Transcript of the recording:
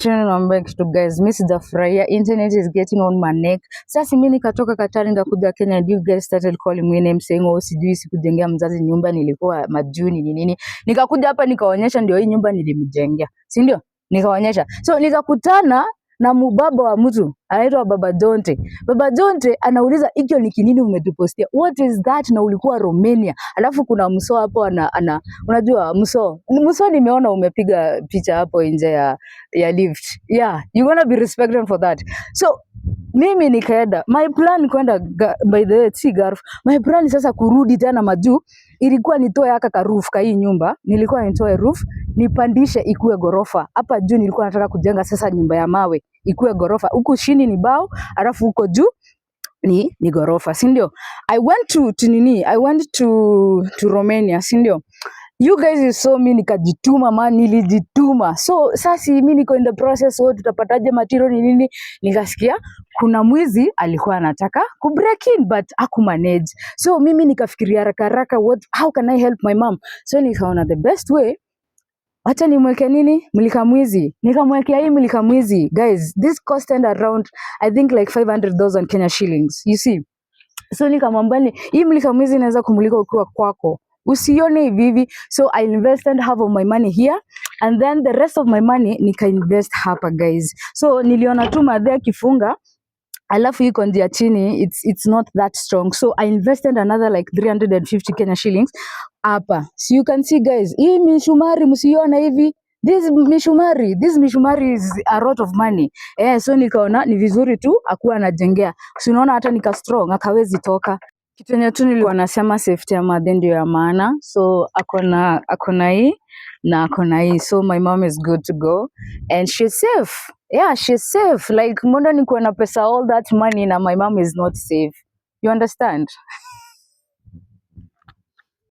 Achana naomba kitu guys, mimi sijafurahia, internet is getting on my neck. Sasa mimi nikatoka Katari nikakuja Kenya, and you guys started calling me name saying oh, sijui sikujengea mzazi nyumba, nilikuwa majuni ni nini. Nikakuja hapa nikaonyesha, ndio hii nyumba nilimjengea, si ndio? Nikaonyesha, so nikakutana na mubaba wa mtu anaitwa Baba Jonte. Baba Jonte anauliza hicho ni kinini umetupostia? What is that? Na ulikuwa Romania. Alafu kuna mso hapo ana, ana unajua mso. Mso nimeona umepiga picha hapo nje ya ya lift. Yeah, you gonna be respected for that. So mimi nikaenda. My plan kwenda by the way, si Garf. My plan sasa kurudi tena majuu ilikuwa nitoe haka ka roof ka hii nyumba, nilikuwa nitoe roof nipandishe ikuwe gorofa. Hapa juu nilikuwa nataka kujenga sasa nyumba ya mawe ikuwe gorofa, huku chini ni bao, alafu huko juu ni ni gorofa, si ndio? I went to, to nini I went to to Romania, si ndio? you guys you saw me nikajituma, ma nilijituma. So sasa mimi niko in the process, wao tutapataje material ni nini? Nikasikia kuna mwizi alikuwa anataka ku break in but aku manage so mimi nikafikiria haraka haraka, what how can I help my mom? So nikaona the best way Wacha nimweke nini mlika mwizi, nikamwekea hii mlika mwizi. Guys, this cost and around I think like 500,000 Kenya shillings, you see. So nikamwambia hii mlika mwizi inaweza kumlika ukiwa kwako usione hivi hivi. So I invested half of my money here and then the rest of my money nika invest hapa guys. So niliona tu madhe akifunga alafu iko ndia chini, it's, it's not that strong so I invested another like 350 Kenya shillings hapa, so you can see guys, hii mishumari msiona hivi This mishumari, this mishumari is a lot of money. Eh, so nikaona ni vizuri tu akuwa anajengea. Si unaona hata nika strong akawezi toka. Kitu yenye tu nilikuwa nasema safety ya madhe ndio ya maana, so akona akona hii na akona hii, so my mom is good to go and she safe. Yeah, she safe like mbona nikuwa na pesa all that money na my mom is not safe, you understand